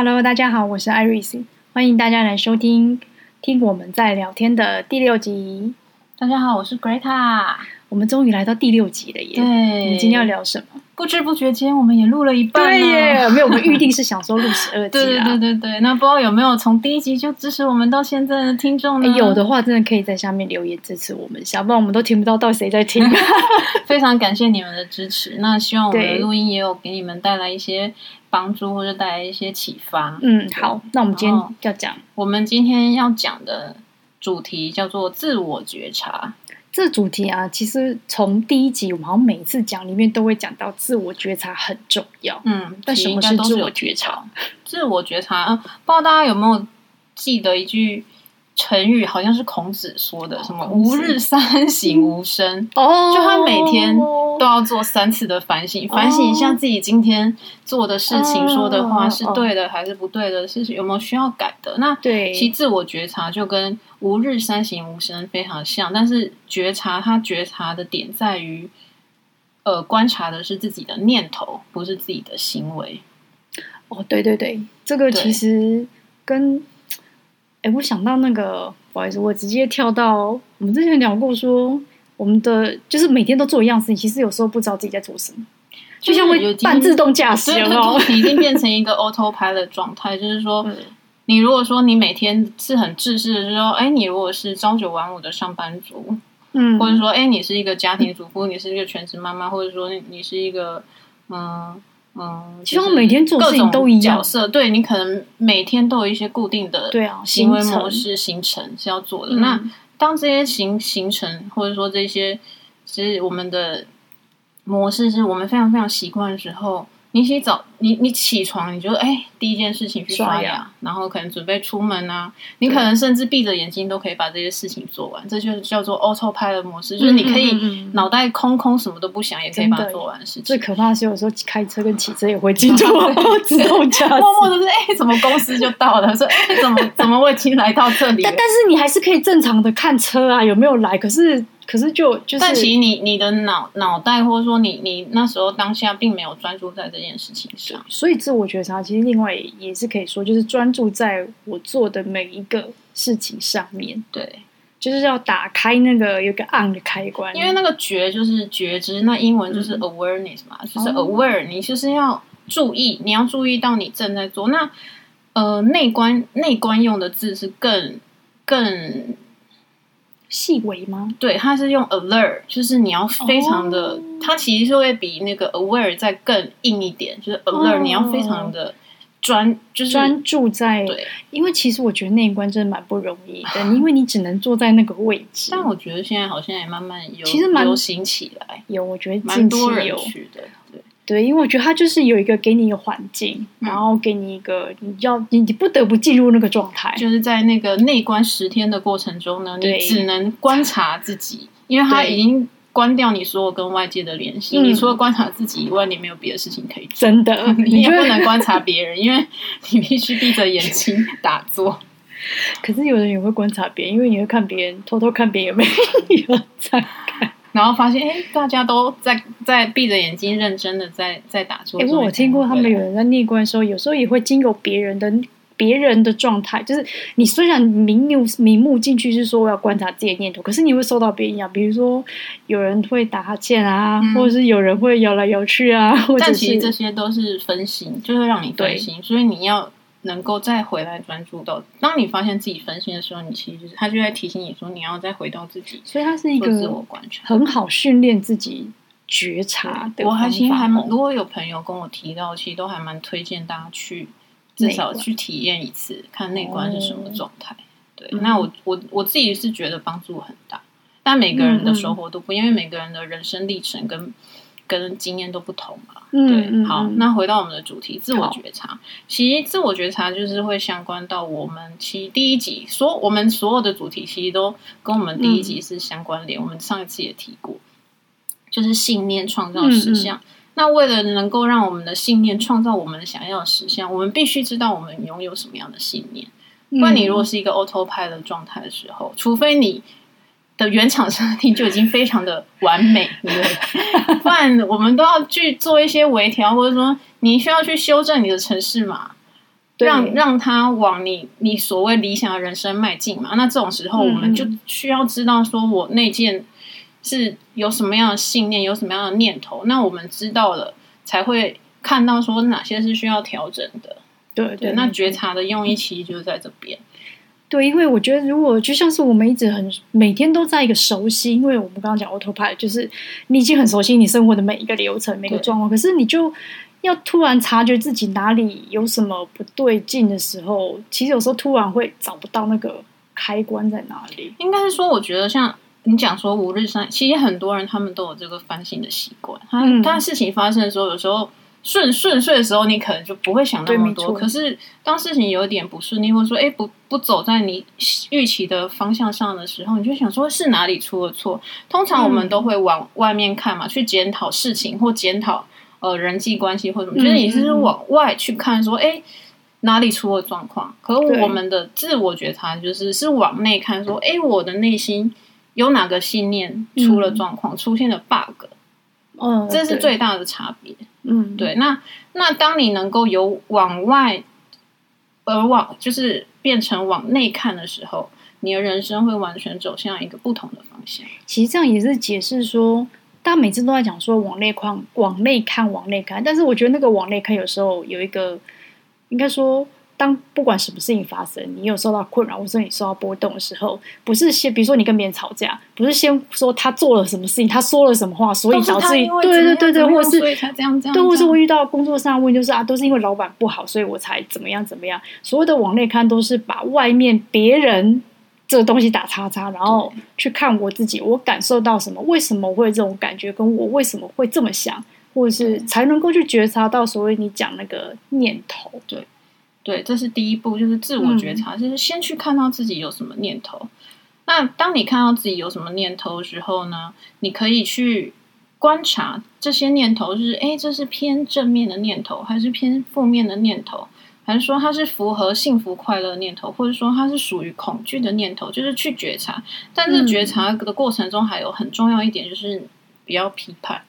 Hello，大家好，我是 Iris，歡迎大家來收聽聽我們在聊天的第六集。大家好，我是 Greta，我們終於來到第六集了耶！對，你今天要聊什麼？不知不覺間，我們也錄了一半了對耶。 沒有，我們預定是想說錄十二集啊。對對對，對，對，那不知道有沒有從第一集就支持我們到現在的聽眾呢？有的話，真的可以在下面留言支持我們，要不然我們都聽不到到底誰在聽。 非常感謝你們的支持，那希望我們的錄音也有給你們帶來一些。幫助或者帶來一些啟發。嗯，好，那我們今天要講，我們今天要講的主題叫做自我覺察。這主題啊，其實從第一集往每次講裡面都會講到，自我覺察很重要。嗯，但什麼是自我覺察？自我覺察、 啊，不知道大家有沒有記得一句。成語好像是孔子說的，什麼“吾日三省吾身”，就他每天都要做三次的反省，哦、反省一下自己今天做的事情、說的話、哦、是對的還是不對的，是有沒有需要改的。哦、那對，其實自我覺察就跟“吾日三省吾身”非常像，但是覺察他覺察的點在於，呃，觀察的是自己的念頭，不是自己的行為。哦，對對對，這個其實跟。哎，我想到那個，不好意思，我直接跳到我們之前聊過，說我們的就是每天都做一樣事情，其實有時候不知道自己在做什麼，就像我有半自動駕駛了，對對對對 已經變成一個 autopilot 的狀態， 就是說、嗯，你如果說你每天是很自私的時候，就說，哎，你如果是朝九晚五的上班族，嗯，或者說，哎，你是一個家庭主婦、嗯，你是一個全職媽媽，或者說你，你是一個，嗯。嗯，就是、其實我每天做各種都一樣，角色對，你可能每天都有一些固定的對啊，行為模式，行程是要做的。嗯、那當這些行行程，或者說這些，其實我們的模式，是我們非常非常習慣的時候。你洗澡，你你起床，你就哎、欸，第一件事情去刷牙，刷牙，然後可能準備出門啊，你可能甚至閉着眼睛都可以把這些事情做完，這就是叫做 autopilot 的模式、嗯，就是你可以腦袋空空什麼都不想，嗯、也可以把它做完的事情、嗯嗯嗯。最可怕的是有時候開車跟騎車也會進入自動駕駛， 默默的說哎、欸，怎麼公司就到了？說 怎麼怎麼我已經來到這裡 但？但是你還是可以正常的看車啊，有沒有來？可是。可是就就是，但其實你你的腦腦袋或者說你你那時候當下並沒有專注在這件事情上，所以自我覺察其實另外也，也是可以說就是專注在我做的每一個事情上面，對，就是要打開那個有個暗的開關，因為那個覺就是覺知，那英文就是 awareness 嘛，嗯、就是 aware，哦，你就是要注意，你要注意到你正在做，那呃內觀內觀用的字是更更。細微嗎？對，它是用 alert，就是你要非常的，oh. 它其實是會比那個 aware 再更硬一點，就是 alert，oh. 你要非常的專，就是專注在。對，因為其實我覺得那一關真的蠻不容易的， 因為你只能坐在那個位置。但我覺得現在好像也慢慢有，其實流行起來，有我覺得蠻多人去的，對。對，因為我覺得他就是有一個給你一個環境，嗯、然後給你一個你要你你不得不進入那個狀態，就是在那個內觀十天的過程中呢，你只能觀察自己，因為他已經關掉你所有跟外界的聯繫，你除了觀察自己以外、嗯，你沒有別的事情可以做。真的， 你也不能觀察別人， 因為你必須閉着眼睛打坐。 可是有人也會觀察別人，因為你會看別人，偷偷看別人有沒有在。 然後發現，哎，大家都在在閉着眼睛認真的在在打坐。可是我聽過他們有人在逆觀的時候，有時候也會經過別人的別人的狀態。就是你雖然明目明目進去是說我要觀察自己的念頭，可是你會受到別人影響，比如說有人會打哈欠啊、嗯，或者是有人會搖來搖去啊。但其實這些都是分心，就會、是、讓你、嗯、對。分心，所以你要。能夠再回來專注到，當你發現自己分心的時候，你其實、就是、他就在提醒你說，你要再回到自己自，所以他是一個自我觀察，很好訓練自己覺察。對。我還行，還蠻。如果有朋友跟我提到，其實都還蠻推薦大家去，至少去體驗一次，關看內觀是什麼狀態、哦。對，嗯、那我我我自己是覺得幫助很大，但每個人的收穫都不，嗯嗯，因為每個人的人生歷程跟。跟經驗都不同嘛，嗯嗯嗯，對。好，那回到我們的主題，自我覺察。其實自我覺察就是會相關到我們其實第一集所我們所有的主題其實都跟我們第一集是相關聯，嗯。我們上一次也提過，就是信念創造實相，嗯嗯。那為了能夠讓我們的信念創造我們想要的實相，我們必須知道我們擁有什麼樣的信念。那你如果是一個 autopilot 的狀態的時候，除非你。的原廠設定就已經非常的完美， 對不對？不然我們都要去做一些微調，或者說你需要去修正你的程式嘛，讓讓它往你你所謂理想的人生邁進嘛。那這種時候，我們就需要知道，說我內建是有什麼樣的信念，有什麼樣的念頭。那我們知道了，才會看到說哪些是需要調整的。對對，對，那覺察的用意其實就是在這邊。對，因為我覺得，如果就像是我們一直很每天都在一個熟悉，因為我們剛剛講 autopilot 就是你已經很熟悉你生活的每一個流程、每一個狀況，可是你就要突然察覺自己哪裡有什麼不對勁的時候，其實有時候突然會找不到那個開關在哪裡。應該是說，我覺得像你講說吾日三，其實很多人他們都有這個反省的習慣他，嗯，他事情發生的時候，有時候。順順遂的時候，你可能就不會想那麼多。可是當事情有點不順利，或者說哎、欸、不不走在你預期的方向上的時候，你就想說是哪裡出了錯。通常我們都會往外面看嘛，嗯、去檢討事情或檢討呃人際關係或什麼。覺、嗯、得、就是、你是往外去看說，說、欸、哎哪裡出了狀況？可我們的自我覺察就是是往內看說，說、欸、哎我的內心有哪個信念出了狀況、嗯，出現了 bug。嗯，這是最大的差別。嗯嗯，對，那那當你能夠由往外而往，就是變成往內看的時候，你的人生會完全走向一個不同的方向。其實這樣也是解釋說，大家每次都在講說往內看，往內看，往內看，但是我覺得那個往內看有時候有一個，應該說。當不管什麼事情發生，你有受到困擾，或者你受到波動的時候，不是先比如說你跟別人吵架，不是先說他做了什麼事情，他說了什麼話，所以導致他，對對對對，樣他這樣這樣這樣或者是對，或是我遇到工作上的問題就是啊，都是因為老闆不好，所以我才怎麼樣怎麼樣。所謂的往內看，都是把外面別人這個東西打叉叉，然後去看我自己，我感受到什麼，為什麼會這種感覺，跟我為什麼會這麼想，或者是才能夠去覺察到所謂你講那個念頭，對。對，這是第一步，就是自我覺察。嗯，就是先去看到自己有什麼念頭。那當你看到自己有什麼念頭的時候呢，你可以去觀察這些念頭，就是：哎，這是偏正面的念頭，還是偏負面的念頭，還是說它是符合幸福快樂的念頭，或者說它是屬於恐懼的念頭？就是去覺察。但是覺察的過程中，還有很重要一點就是不要批判。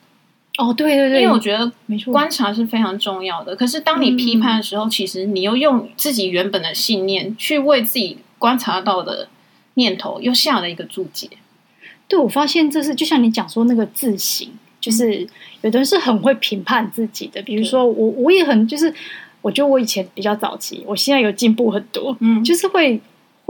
哦，對對對，因為我覺得，沒錯，觀察是非常重要的。可是當你批判的時候、嗯，其實你又用自己原本的信念去為自己觀察到的念頭又下了一個注解。對，我發現這是就像你講說那個自省，就是、嗯、有的人是很會評判自己的。比如說我，我也很就是，我覺得我以前比較早期，我現在有進步很多，嗯，就是會。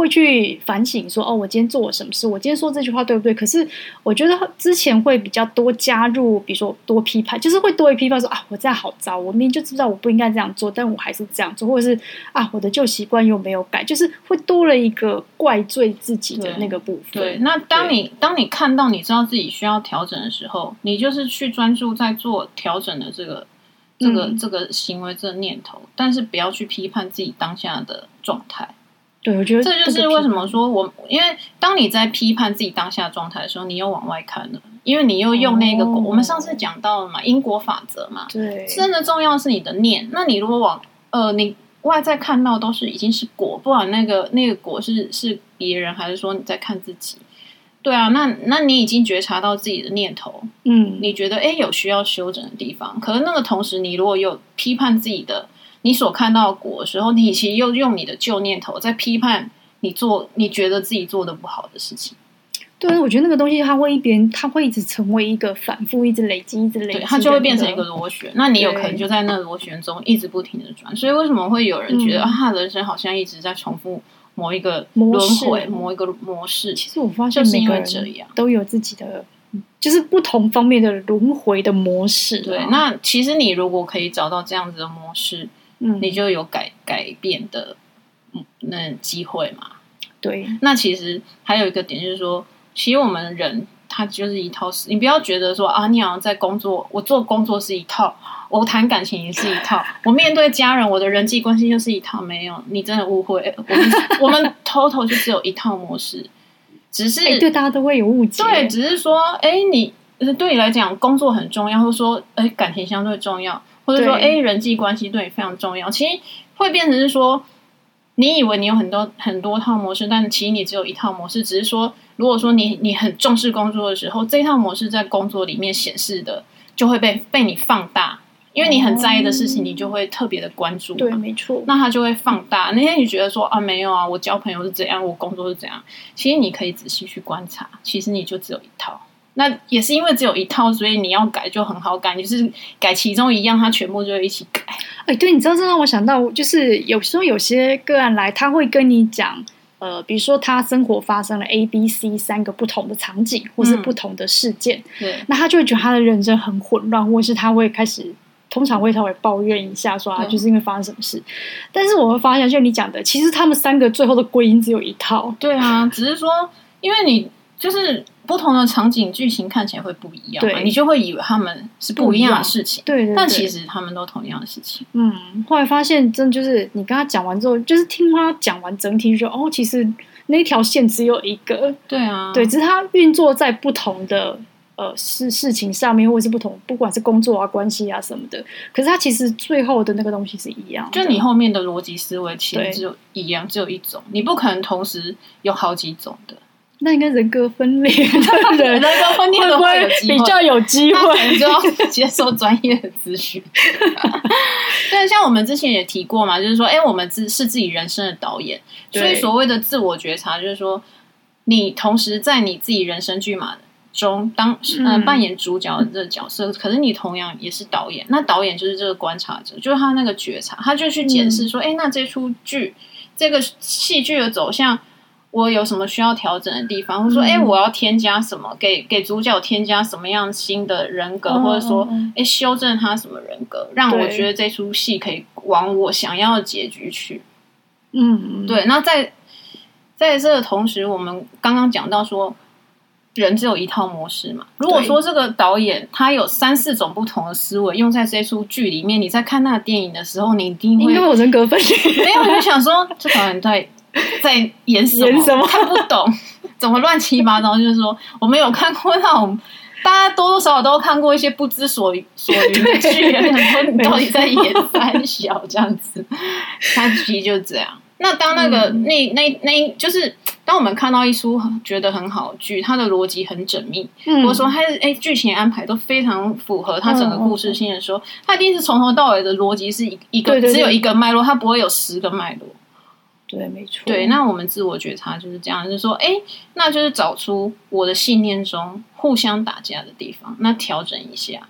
會去反省說哦，我今天做了什麼事？我今天說這句話對不對？可是我覺得之前會比較多加入，比如說多批判，就是會多一批判說啊，我這樣好糟，我明明就知道我不應該這樣做，但我還是這樣做，或者是啊，我的舊習慣又沒有改，就是會多了一個怪罪自己的那個部分。對，對，那當你當你看到你知道自己需要調整的時候，你就是去專注在做調整的這個這個、嗯、這個行為這個念頭，但是不要去批判自己當下的狀態。對，我覺得這，這就是為什麼說我，因為當你在批判自己當下狀態的時候，你又往外看了，因為你又用那個果。哦，我們上次講到了嘛，因果法則嘛，對，真的重要的是你的念。那你如果往呃，你外在看到都是已經是果，不管那個那個果是是別人還是說你在看自己，對啊，那那你已經覺察到自己的念頭，嗯，你覺得誒，有需要修整的地方，可是那個同時，你如果有批判自己的。你所看到的果的時候，你其實又用你的舊念頭在批判你做你覺得自己做的不好的事情。對，我覺得那個東西它會一邊，它會一直成為一個反覆，一直累積，一直累積，那個，對，它就會變成一個螺旋。那你有可能就在那螺旋中一直不停的轉。所以為什麼會有人覺得，嗯，啊，人生好像一直在重複某一個輪回，模式，某一個模式。其實我發現每個人都有自己的，就是不同方面的輪回的模式。對，對，那其實你如果可以找到這樣子的模式。嗯，你就有改改變的，嗯，那機會嘛。對，那其實還有一個點就是說，其實我們人他就是一套事，你不要覺得說啊，你好像在工作，我做工作是一套，我談感情，也是一套，我面對家人，我的人際關係就是一套，沒有，你真的誤會，我們 我們 total 就只有一套模式，只是，欸、對大家都會有誤解，對，只是說，哎、欸，你對你來講工作很重要，或者說，哎、欸，感情相對重要。所以說，哎、欸，人際關係對你非常重要。其實會變成是說，你以為你有很多很多套模式，但其實你只有一套模式。只是說，如果說你你很重視工作的時候，這套模式在工作裡面顯示的就會被被你放大，因為你很在意的事情，你就會特別的關注、哦。對，沒錯。那他就會放大。那天你覺得說啊，沒有啊，我交朋友是怎樣，我工作是怎樣？其實你可以仔細去觀察，其實你就只有一套。那也是因為只有一套，所以你要改就很好改，就是改其中一樣，它全部就一起改。哎、欸，對，你知道這讓我想到，就是有時候有些個案來，他會跟你講，呃，比如說他生活發生了 A、B、C 三個不同的場景，或是不同的事件、嗯，對，那他就會覺得他的人生很混亂，或是他會開始，通常會稍微抱怨一下，說啊，就是因為發生什麼事、嗯。但是我會發現，就你講的，其實他們三個最後的歸因只有一套。對啊，嗯、只是說，因為你就是。不同的場景劇情看起來會不一樣，對，你就會以為他們是不一樣的事情。對，對，對，但其實他們都同樣的事情。嗯，後來發現，真的就是你跟他講完之後，就是聽他講完整體就說，說哦，其實那條線只有一個。對啊，對，只是他運作在不同的呃事事情上面，或者是不同，不管是工作啊、關係啊什麼的。可是他其實最後的那個東西是一樣，就你後面的邏輯思維其實只有一樣，只有一種，你不可能同時有好幾種的。那應該人格分裂，人格分裂的 分裂會有會會不會比較有機會？你就要接受專業的諮詢。 對，像我們之前也提過嘛，就是說，誒、欸、我們自是自己人生的導演，所以所謂的自我覺察，就是說，你同時在你自己人生劇碼中當嗯、呃、扮演主角的這個角色，可是你同樣也是導演。那導演就是這個觀察者，就是他那個覺察，他就去檢視說，誒、嗯欸、那這出劇這個戲劇的走向。我有什麼需要調整的地方，或者說，哎、欸，我要添加什麼？給給主角添加什麼樣新的人格，或者說，哎、欸，修正他什麼人格，讓我覺得這出戲可以往我想要的結局去。嗯，對。那在在這個同時，我們剛剛講到說，人只有一套模式嘛。如果說這個導演他有三四種不同的思維用在這出劇裡面，你在看那個電影的時候，你一定會有人格分裂。沒有，我就想說，這導演在。在演什麼？看不懂，怎麼亂七八糟？ 就是說，我們有看過那種，大家多多少少都看過一些不知所所云的劇人，然 後你到底在演三小這樣子？其實就是這樣。那當那個、嗯、那那那，就是當我們看到一出覺得很好劇，它的邏輯很縝密，我、嗯、說它誒劇情安排都非常符合它整個故事性的時候、嗯嗯，它一定是從頭到尾的邏輯是一一個對對對只有一個脈絡，它不會有十個脈絡。對，沒錯。對，那我們自我覺察就是這樣，就是說，哎，那就是找出我的信念中互相打架的地方，那調整一下。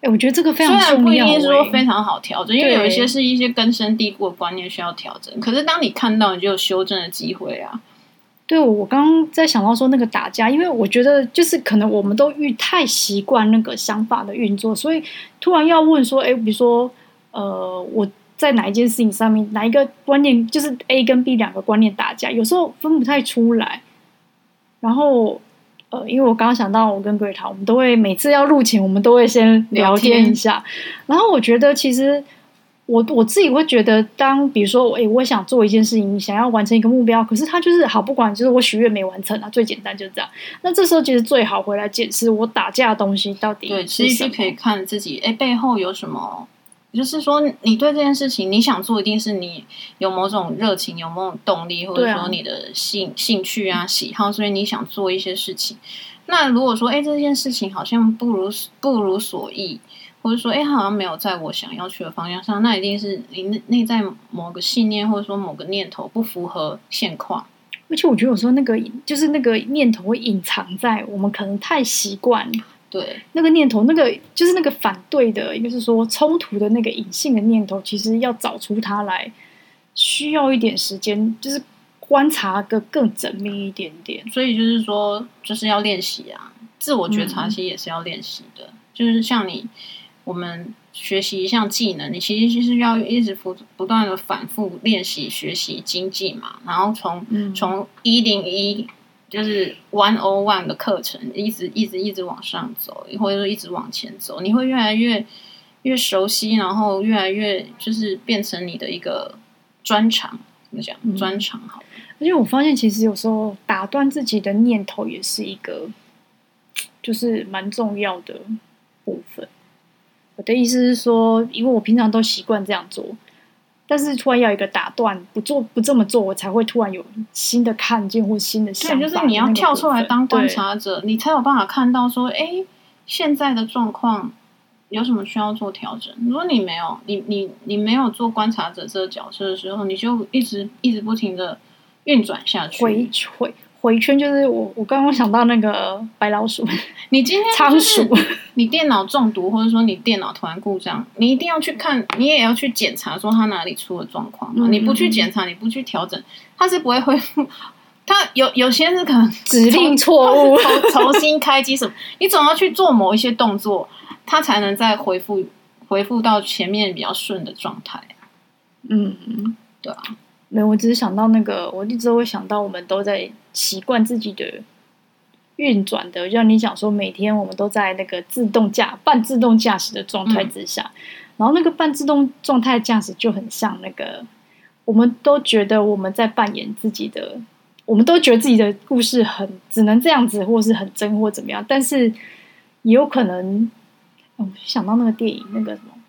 哎，我覺得這個非常重要。雖然不一定說非常好調整，因為有一些是一些根深蒂固的觀念需要調整。可是，當你看到，你就有修正的機會啊。對，我剛剛在想到說那個打架，因為我覺得就是可能我們都遇太習慣那個想法的運作，所以突然要問說，哎，比如說，呃，我。在哪一件事情上面，哪一個觀念就是 A 跟 B 兩個觀念打架，有時候分不太出來。然後，呃，因為我剛剛想到，我跟 Greta，我們都會每次要入寢，我們都會先聊天一下。然後我覺得，其實我我自己會覺得當，當比如說，哎，我想做一件事情，想要完成一個目標，可是他就是好不管，就是我許願沒完成啊。最簡單就是這樣。那這時候其實最好回來解釋我打架的東西到底對，其實可以看自己哎背後有什麼。就是說，你對這件事情你想做，一定是你有某種熱情，有某種動力，或者說你的興、啊、興趣啊、喜好，所以你想做一些事情。那如果說，哎、欸，這件事情好像不如不如所意，或者說，哎、欸，好像沒有在我想要去的方向上，那一定是你內內在某個信念，或者說某個念頭不符合現況。而且，我覺得我說那個，就是那個念頭會隱藏在我們可能太習慣。對，那個念頭，那個就是那個反對的，也就是說，衝突的那個隱性的念頭，其實要找出它來，需要一點時間，就是觀察的更縝密一點點。所以就是說，就是要練習啊，自我覺察其實也是要練習的、嗯。就是像你，我們學習一項技能，你其實就是要一直不不斷的反復練習、學習、精進嘛。然後從、嗯、從一零一。就是 one on one 的課程，一直一直一直往上走，或者說一直往前走，你會越來越越熟悉，然後越來越就是變成你的一個專長，怎麼講？嗯、專長好。而且我發現，其實有時候打斷自己的念頭也是一個，就是蠻重要的部分。我的意思是說，因為我平常都習慣這樣做。但是突然要有一個打斷，不做不這麼做，我才會突然有新的看見或新的想法的。對，就是你要跳出來當觀察者，你才有辦法看到說，哎、欸，現在的狀況有什麼需要做調整？如果你沒有，你你你沒有做觀察者這個角色的時候，你就一直一直不停的運轉下去。回。回圈就是我，我剛剛想到那個白老鼠。你今天倉鼠，你電腦中毒，或者說你電腦突然故障，你一定要去看，你也要去檢查，說它哪裡出了狀況，嗯嗯嗯。你不去檢查，你不去調整，它是不會恢復。它有有些是可能指令錯誤，重新開機什麼，呵呵，你總要去做某一些動作，它才能再恢復，恢復到前面比較順的狀態。嗯，對啊。沒有，我只是想到那個，我一直都會想到我們都在習慣自己的運轉的。就像你講說，每天我們都在那個自動駕、半自動駕駛的狀態之下。嗯，然後那個半自動狀態駕駛就很像那個，我們都覺得我們在扮演自己的，我們都覺得自己的故事很，只能這樣子，或是很真或怎麼樣，但是也有可能，想到那個電影那個什麼。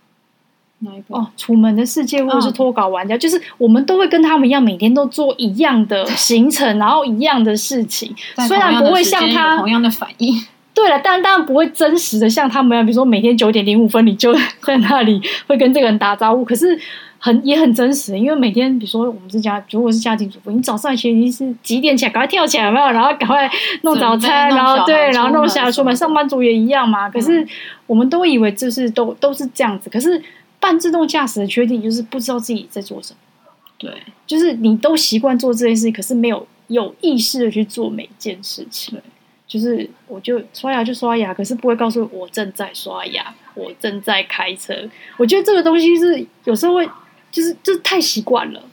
哦，oh, 楚門的世界或者是脫稿玩家，oh. 就是我們都會跟他們一樣，每天都做一樣的行程，然後一樣的事情。雖然不會像他同樣的反應， 對了，但當然不會真實的像他們一樣。比如說每天九點零五分，你就在那裡會跟這個人打招呼，可是很也很真實，因為每天比如說我們是家，如果是家庭主婦，你早上其實你是幾點起來，趕快跳起來有沒有，然後趕快弄早餐弄，然後對，然後弄下下出，出門。上班族也一樣嘛，可，可是我們都以為就是都都是這樣子，可是。半自動駕駛的缺點就是不知道自己在做什麼。對，就是你都習慣做這件事，可是沒有有意識的去做每件事情。對，就是我就刷牙就刷牙，可是不會告訴我正在刷牙，我正在開車。我覺得這個東西是有時候會，就是這、就是、太習慣了。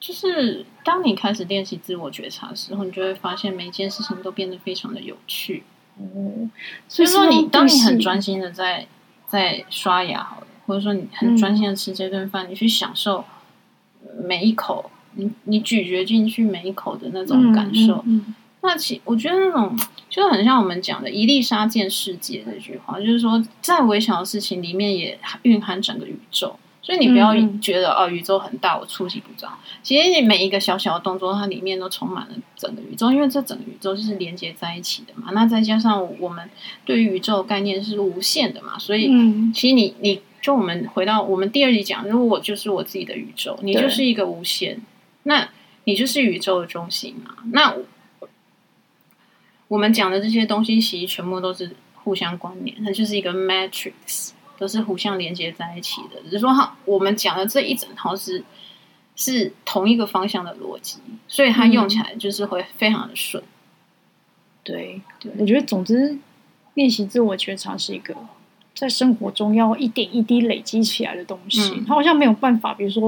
就是當你開始練習自我覺察的時候，你就會發現每件事情都變得非常的有趣。哦、嗯，所以說你當你很專心的在在刷牙好了，好。或者說你很專心的吃這頓飯，嗯、你去享受每一口，你你咀嚼進去每一口的那種感受。嗯嗯嗯、那其我覺得那種就很像我們講的“一粒沙見世界”這句話，就是說再微小的事情裡面也蘊含整個宇宙。所以你不要覺得、嗯、哦，宇宙很大，我觸及不到。其實你每一個小小的動作，它裡面都充滿了整個宇宙，因為這整個宇宙就是連接在一起的嘛。那再加上我們對於宇宙的概念是無限的嘛，所以其實你、嗯、你。就我們回到我們第二集講，如果我就是我自己的宇宙，你就是一個無限，那你就是宇宙的中心嘛？那我，我們講的這些東西其實全部都是互相關聯，它就是一個 matrix，都是互相連接在一起的。只是說它，它我們講的這一整套是是同一個方向的邏輯，所以它用起來就是會非常的順。嗯、對，對，我覺得總之練習自我覺察是一個。在生活中要一點一滴累積起來的東西，嗯、他好像沒有辦法。比如說，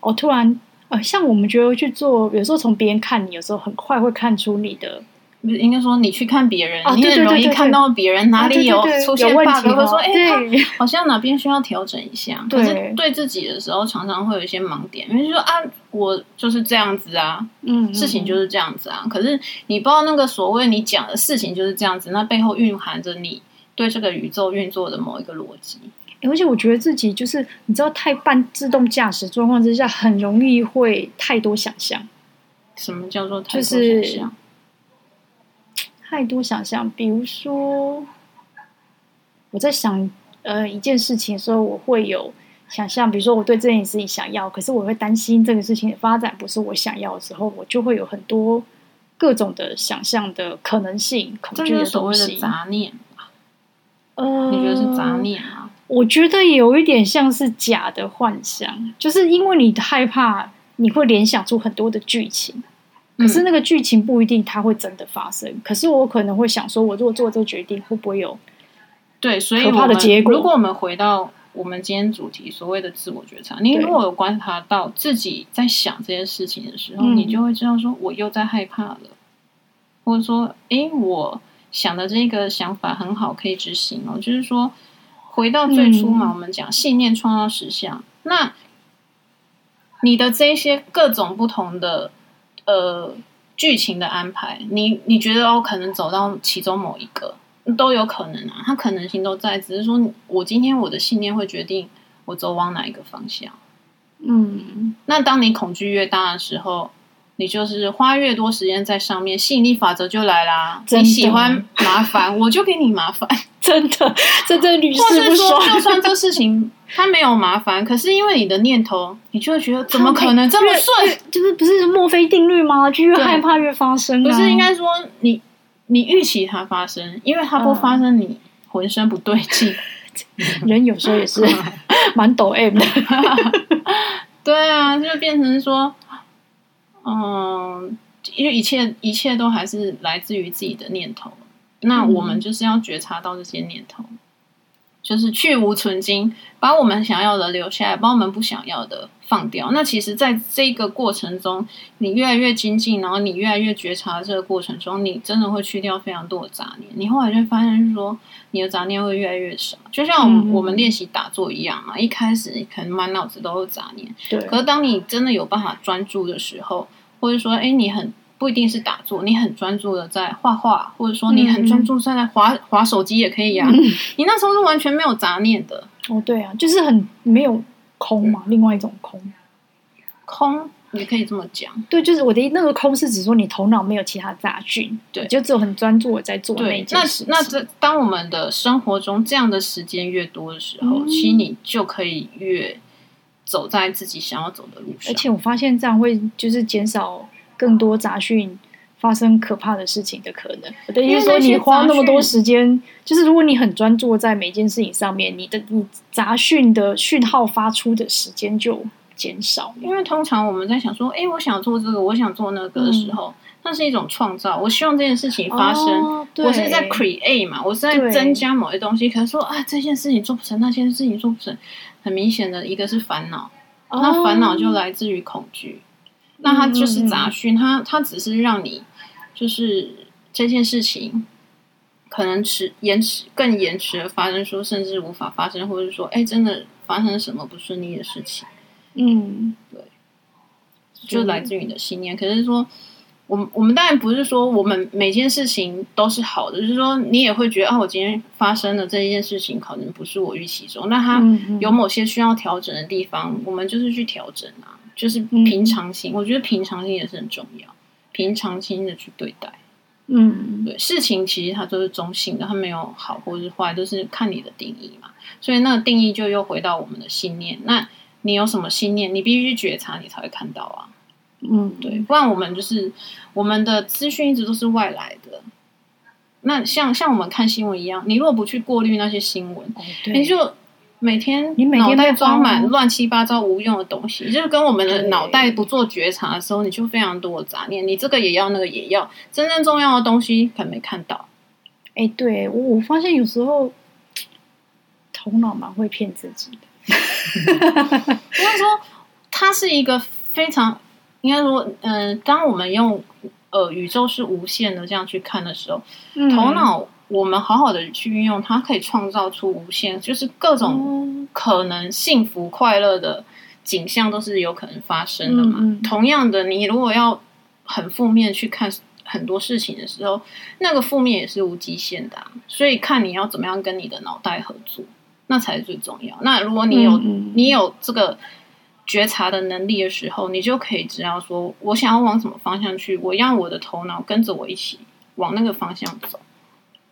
我、哦、突然，呃，像我們覺得去做，有時候從別人看你，有時候很快會看出你的，不是，應該說你去看別人、哦，你很容易看到別人哪裡有出現問題，會、欸、說，哎，好像哪邊需要調整一下。可是對自己的時候，常常會有一些盲點，比如說啊，我就是這樣子啊，嗯，嗯，事情就是這樣子啊。可是你不知道那個所謂你講的事情就是這樣子，那背後蘊含着你。對這個宇宙運作的某一個邏輯，欸、而且我覺得自己就是，你知道，太半自動駕駛狀況之下，很容易會太多想象。什麼叫做太多想象就是、太多想象，比如說我在想呃一件事情的時候，我會有想象，比如說我對這件事情想要，可是我會擔心這個事情的發展不是我想要的時候，我就會有很多各種的想象的可能性、恐懼的東西、所謂的雜念。嗯、你覺得是雜念啊？我覺得有一點像是假的幻想，就是因為你害怕，你會聯想出很多的劇情，可是那個劇情不一定它會真的發生。嗯、可是我可能會想說，我如果做這個決定，會不會有對可怕的結果？如果我們回到我們今天主題所謂的自我覺察，你如果有觀察到自己在想這些事情的時候，嗯、你就會知道說，我又在害怕了，或者說，哎、欸，我。想的這個想法很好，可以執行哦。就是說，回到最初嘛，嗯、我們講信念創造實相。那你的這些各種不同的呃劇情的安排，你你覺得我可能走到其中某一個都有可能啊，它可能性都在，只是說我今天我的信念會決定我走往哪一個方向。嗯，那當你恐懼越大的時候，你就是花越多時間在上面，吸引力法則就來啦。你喜歡麻煩， 我就給你麻煩，真的，真的屢試不爽。或者說，就算這事情 它沒有麻煩，可是因為你的念頭， 你就會覺得怎麼可能這麼順、欸？就是不是墨菲定律嗎？就越害怕越發生、啊。不是應該說你你預期它發生，因為它不發生，你渾身不對勁、嗯。人有時候也是蠻抖 M 的。 對啊，就變成說。嗯，因為一切一切都還是來自於自己的念頭，那我們就是要覺察到這些念頭，嗯、就是去蕪存菁，把我們想要的留下來，把我們不想要的。放掉。那其實，在這個過程中，你越來越精進，然後你越來越覺察這個過程中，你真的會去掉非常多的雜念。你後來就發現就是說，說你的雜念會越來越少。就像我們練習打坐一樣啊。嗯、一開始可能滿腦子都是雜念，對。可是當你真的有辦法專注的時候，或者說，誒、欸，你很不一定是打坐，你很專注的在畫畫，或者說你很專注在劃劃、嗯、手機也可以呀、啊嗯。你那時候是完全沒有雜念的。哦，對啊，就是很沒有。空嘛、嗯，另外一種空，空你可以這麼講。對，就是我的那個空是指說，你頭腦沒有其他雜訊，對，就只有很專注我在做那一件事。那那這當我們的生活中這樣的時間越多的時候、嗯，其實你就可以越走在自己想要走的路上。而且我發現這樣會就是減少更多雜訊。嗯發生可怕的事情的可能，等於說你花那麼多時間，就是如果你很專注在每件事情上面，你的你雜訊的訊號發出的時間就減少。因為通常我們在想說，哎、欸，我想做這個，我想做那個的時候，嗯、那是一種創造。我希望這件事情發生、哦對，我是在 create 嘛，我是在增加某些東西。可是說啊，這件事情做不成，那件事情做不成，很明顯的一個是煩惱、哦。那煩惱就來自於恐懼。那它就是雜訊，它它只是讓你，就是這件事情可能遲延遲更延遲的發生，說甚至無法發生，或者說，哎，真的發生什麼不順利的事情，嗯，對，就來自於你的信念。可是說，我們我們當然不是說我們每件事情都是好的，就是說你也會覺得，啊，我今天發生的這一件事情可能不是我預期中，那它有某些需要調整的地方，我們就是去調整啊。就是平常心，嗯，我覺得平常心也是很重要，平常心的去對待，嗯，對，事情其實它都是中性的，它沒有好或是壞，都，就是看你的定義嘛，所以那個定義就又回到我們的信念。那你有什麼信念？你必須去覺察，你才會看到啊，嗯，對，不然我們就是我們的資訊一直都是外來的，那像像我們看新聞一樣，你若不去過濾那些新聞，嗯，你就。每天，你腦袋裝滿亂七八糟無用的東西，就是跟我們的腦袋不做覺察的時候，你就非常多的雜念。你這個也要，那個也要，真正重要的東西可能沒看到。哎、欸，對，我我發現有時候頭腦蠻會騙自己的。 應該說，它是一個非常，應該說，嗯、呃，當我們用呃宇宙是無限的這樣去看的時候，嗯、頭腦。我們好好的去運用它，可以創造出無限，就是各種可能，幸福快樂的景象都是有可能發生的嘛。嗯嗯，同樣的，你如果要很負面去看很多事情的時候，那個負面也是無極限的啊，所以，看你要怎麼樣跟你的腦袋合作，那才是最重要。那如果你有嗯嗯，你有這個覺察的能力的時候，你就可以只要說，我想要往什麼方向去，我讓我的頭腦跟着我一起往那個方向走。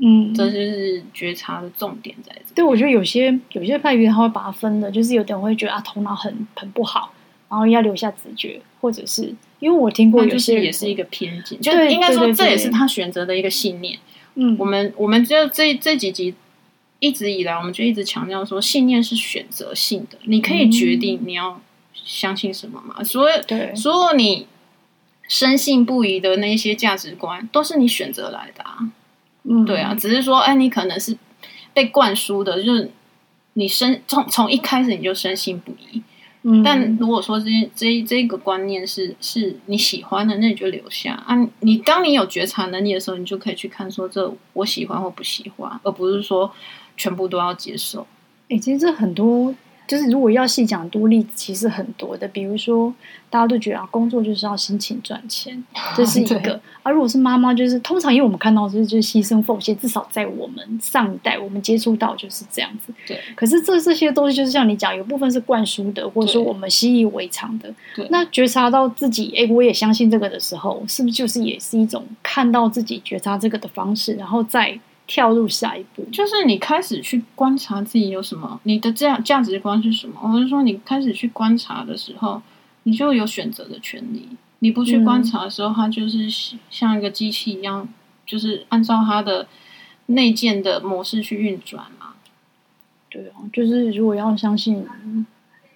嗯，這就是覺察的重點在這裡。對，我覺得有些有些派別他會把它分的，就是有點會覺得啊，頭腦很很不好，然後要留下直覺，或者是因為我聽過有些，那就是也是一個偏見，就應該說這也是他選擇的一個信念。嗯，我們我們就這這幾集一直以來，我們就一直強調說信念是選擇性的，嗯，你可以決定你要相信什麼嘛。所以，對，所有你深信不疑的那一些價值觀，都是你選擇來的啊。嗯、對啊，只是說，哎，你可能是被灌輸的，就是你深從從一開始你就深信不疑、嗯。但如果說這這這一個觀念是是你喜歡的，那你就留下啊。你當你有覺察能力的時候，你就可以去看，說這我喜歡或不喜歡，而不是說全部都要接受。哎、欸，其實這很多。就是如果要細講，多例子其實很多的。比如說，大家都覺得啊，工作就是要辛勤賺錢，這、就是一個。啊，啊如果是媽媽，就是通常因為我們看到的是就是犧牲奉獻，至少在我們上一代，我們接觸到就是這樣子。對。可是這這些東西就是像你講，有部分是灌輸的，或者說我們習以為常的。對。那覺察到自己，哎、欸，我也相信這個的時候，是不是就是也是一種看到自己覺察這個的方式，然後再跳入下一步，就是你開始去觀察自己有什麼，你的這樣價值觀是什麼？我是說，你開始去觀察的時候，你就有選擇的權利。你不去觀察的時候，嗯、它就是像一個機器一樣，就是按照它的內建的模式去運轉嘛。對哦，就是如果要相信。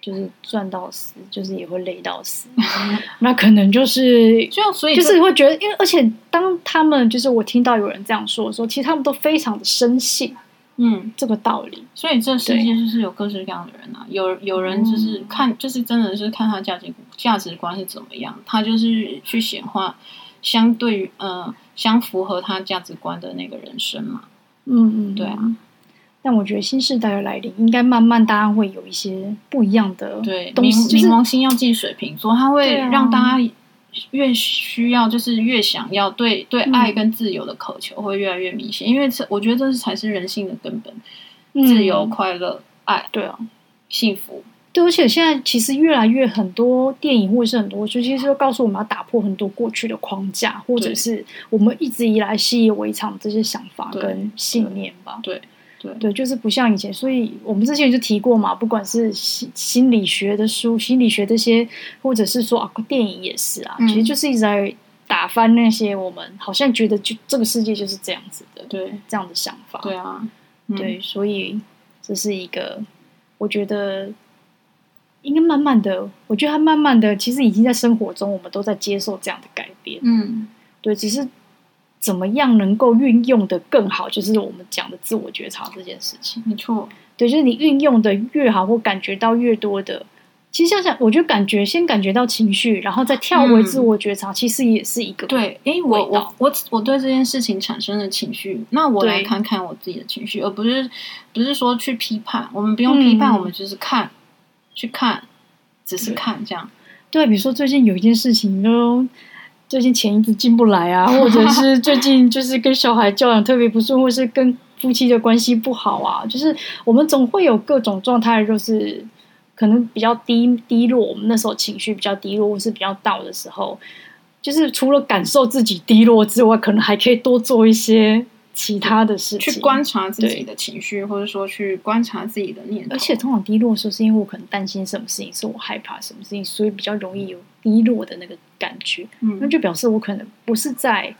就是賺到死，就是也會累到死。 那可能就是，就所以就，就是會覺得，因為而且當他們就是我聽到有人這樣說的時候，其實他們都非常的深信，嗯，這個道理。所以這世界就是有各式各樣的人啊，有有人就是看，就是真的是看他價值價值觀是怎麼樣，他就是去顯化，相對於呃相符合他價值觀的那個人生嘛。嗯嗯，對啊。但我覺得新世代的來臨，應該慢慢大家會有一些不一樣的東西，對。冥王星要進水瓶座，就是，它會讓大家越需要，就是越想要對對愛跟自由的渴求會越來越明顯。嗯。因為這，我覺得這是才是人性的根本。嗯、自由、快樂、愛。對啊，幸福。對，而且現在其實越來越很多電影，或者是很多劇，就其實都告訴我們要打破很多過去的框架，或者是我們一直以來習以為常這些想法跟信念吧。對。對對對，對，就是不像以前，所以我們之前就提過嘛，不管是心心理學的書、心理學這些，或者是說啊，電影也是啊，嗯、其實就是一直在打翻那些我們好像覺得就這個世界就是這樣子的，對，對這樣的想法。對啊、嗯，對，所以這是一個，我覺得應該慢慢的，我覺得他慢慢的，其實已經在生活中，我們都在接受這樣的改變。嗯，對，只是。怎麼樣能夠運用的更好？就是我們講的自我覺察這件事情。沒錯，對，就是你運用的越好，或感覺到越多的，其實像，我就感覺先感覺到情緒，然後再跳回自我覺察，嗯、其實也是一個對。誒，我我我我對這件事情產生了情緒，那我來看看我自己的情緒，而不是不是說去批判。我們不用批判、嗯，我們就是看，去看，只是看這樣。對，對，比如說最近有一件事情都。最近錢一直進不來啊，或者是最近就是跟小孩教養特別不順，或是跟夫妻的關係不好啊，就是我們總會有各種狀態，就是可能比較低低落。我們那時候情緒比較低落，或是比較大的時候，就是除了感受自己低落之外，可能還可以多做一些其他的事情，去觀察自己的情緒，或者說去觀察自己的念頭。而且，通常低落的時候是因為我可能擔心什麼事情，是我害怕什麼事情，所以比較容易有。低落的那個感覺，嗯，那就表示我可能不是在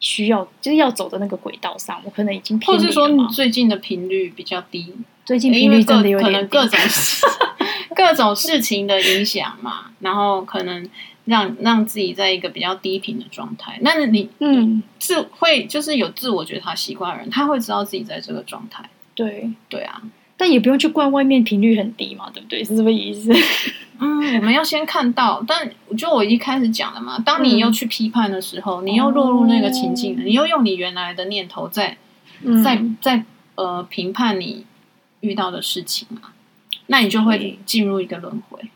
需要，就是要走的那個軌道上，我可能已經，或是說你最近的頻率比較低，最近頻率、欸、頻率真的有點低，可能各種 各種事情的影響嘛，然後可能讓讓自己在一個比較低頻的狀態。那你嗯，自會就是有自我覺察習慣的人，他會知道自己在這個狀態。對，對啊。但也不用去怪外面頻率很低嘛，對不對？是這個意思。嗯，我們要先看到，但就我一開始講的嘛，當你又去批判的時候，嗯、你又落入那個情境了。哦，你又用你原來的念頭在、嗯、在在呃評判你遇到的事情嘛，那你就會進入一個輪迴。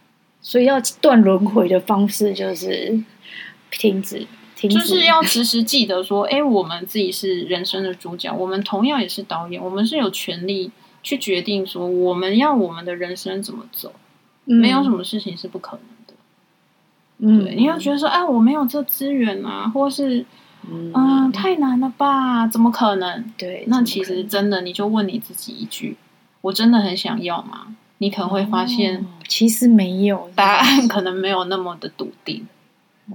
所以要斷輪迴的方式就是停止，停止，就是、要時時記得說：哎、欸，我們自己是人生的主角，我們同樣也是導演，我們是有權利。去決定說我們要我們的人生怎麼走，沒有什麼事情是不可能的。嗯，嗯，你要覺得說，哎、啊，我沒有這資源啊，或是嗯嗯，嗯，太難了吧？怎麼可能？對能，那其實真的，你就問你自己一句：我真的很想要嗎？你可能會發現、哦，其實沒有答案，可能沒有那麼的篤定。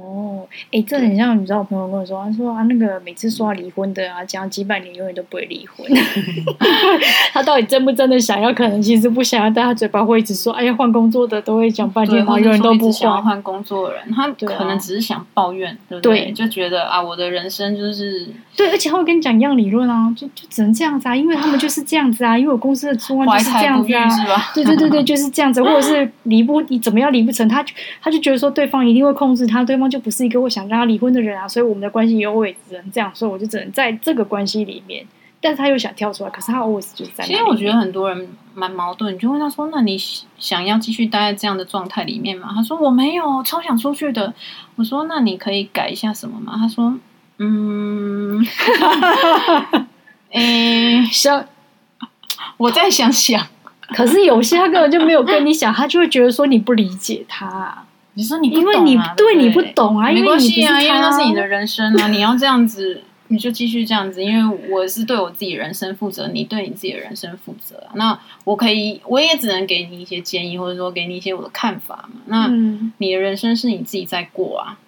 哦，哎，這很像你知道，我朋友跟我說，他說啊，那個每次說要離婚的啊，講幾百年永遠都不會離婚。 他到底真不真的想要？可能其實不想要，但他嘴巴會一直說。哎呀，換工作的都會講半天，永遠都不換。想換工作的人，他可能只是想抱怨，對不對？對，就覺得啊，我的人生就是。對，而且他會跟你講一樣理論啊，就就只能這樣子啊，因為他們就是這樣子啊，啊因為我公司的文化就是這樣子啊，是吧？ 對對對對，就是這樣子，或者是離不，你怎麼樣離不成，他他就覺得說對方一定會控制他，對方。就不是一個我想跟他離婚的人啊，所以我們的關係，我只能這樣，所以我就只能在這個關係裡面。但是他又想跳出來，可是他 always 就是在。其實我覺得很多人蠻矛盾。你就問他說：“那你想要繼續待在這樣的狀態裡面嗎？”他說：“我沒有，超想出去的。”我說：“那你可以改一下什麼嗎？”他說：“嗯，哎、 嗯，想，我再想想。”可是有些他根本就沒有跟你想，他就會覺得說你不理解他。你說你不懂、啊、因為你對你不懂啊，沒關係啊，因為那是你的人生啊， 你要這樣子，你就繼續這樣子。因為我是對我自己人生負責，你對你自己的人生負責、啊。那我可以，我也只能給你一些建議，或者說給你一些我的看法嘛。那你的人生是你自己在過啊，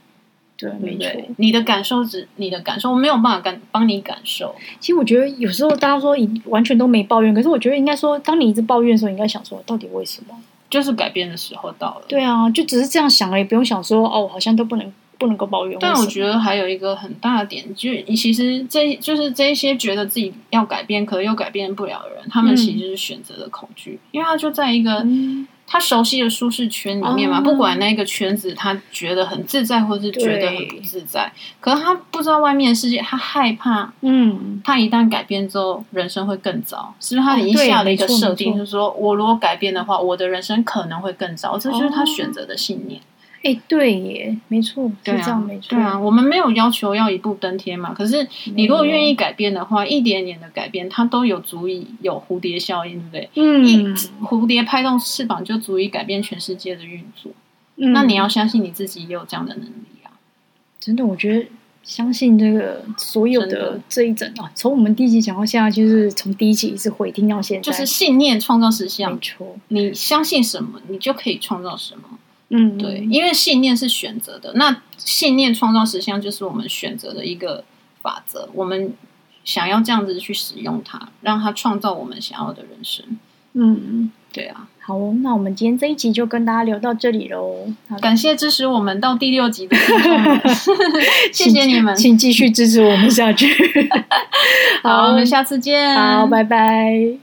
嗯、對，對，沒錯，你的感受只，你的感受我沒有辦法感幫你感受。其實我覺得有時候大家說完全都沒抱怨，可是我覺得應該說，當你一直抱怨的時候，你應該想說到底為什麼。就是改變的時候到了。對啊，就只是這樣想了，也不用想說哦，我好像都不能不能夠抱怨。但我覺得還有一個很大的點，就是其實這一就是這一些覺得自己要改變，可能又改變不了的人，他們其實是選擇了恐懼，嗯，因為他就在一個。嗯他熟悉的舒適圈裡面嘛，不管那個圈子，他覺得很自在，或是覺得很不自在。可是他不知道外面的世界，他害怕。嗯，他一旦改變之後，人生會更糟。是不是他一下的一個設定就是說，我如果改變的話，我的人生可能會更糟？這就是他選擇的信念。哎、欸，對耶，沒錯是這樣，對啊，沒錯，對啊。我們沒有要求要一步登天嘛，可是你如果願意改變的話，一點點的改變，它都有足以有蝴蝶效應，對不對？嗯，你，蝴蝶拍動翅膀就足以改變全世界的運作。嗯，那你要相信你自己也有這樣的能力啊！真的，我覺得相信這個所有的這一整啊，從我們第一集講到現在，就是從第一集一直回聽到現在，就是信念創造實相。沒錯，你相信什麼，你就可以創造什麼。嗯，對，因為信念是選擇的，那信念創造實相就是我們選擇的一個法則。我們想要這樣子去使用它，讓它創造我們想要的人生。嗯，嗯對啊。好，那我們今天這一集就跟大家聊到這裡嘍。感謝支持我們到第六集的觀眾， 謝謝你們，請，請繼續支持我們下去 好。好，我們下次見，好，拜拜。